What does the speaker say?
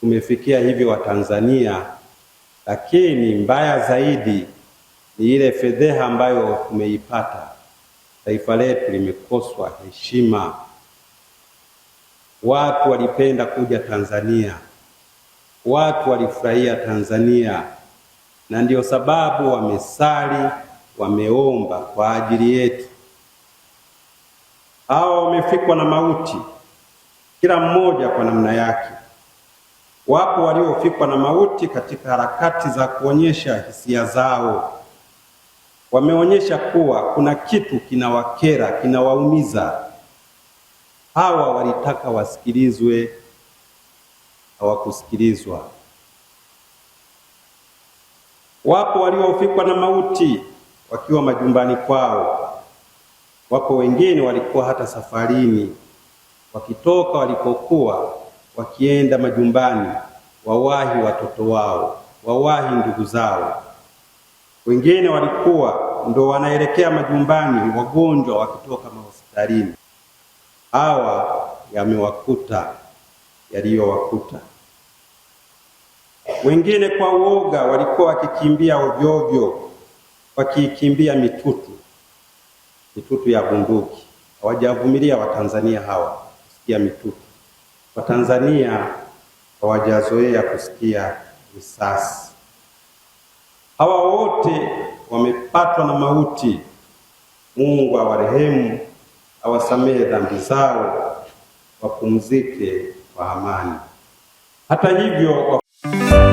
tumefikia hivyo tanzania lakini mbaya zaidi ni ile fedheha ambayo tumeipata. Taifa letu limekoswa heshima. Watu walipenda kuja Tanzania, watu walifurahia Tanzania, na ndio sababu wamesali, wameomba kwa ajili yetu. Hawa wamefikwa na mauti, kila mmoja kwa namna yake. Wapo waliofikwa na mauti katika harakati za kuonyesha hisia zao, wameonyesha kuwa kuna kitu kinawakera, kinawaumiza. Hawa walitaka wasikilizwe, hawakusikilizwa. Wapo waliofikwa na mauti wakiwa majumbani kwao, wapo wengine walikuwa hata safarini, wakitoka walikokuwa wakienda majumbani, wawahi watoto wao, wawahi ndugu zao. Wengine walikuwa ndo wanaelekea majumbani, wagonjwa wakitoka mahospitalini. Hawa yamewakuta yaliyowakuta. Wengine kwa uoga walikuwa wakikimbia ovyovyo, wakikimbia mitutu, mitutu ya bunduki. Hawajavumilia Watanzania hawa kusikia mitutu Watanzania hawajazoea kusikia risasi. Hawa wote wamepatwa na mauti. Mungu awarehemu, awasamehe dhambi zao, wapumzike kwa amani. Hata hivyo wa...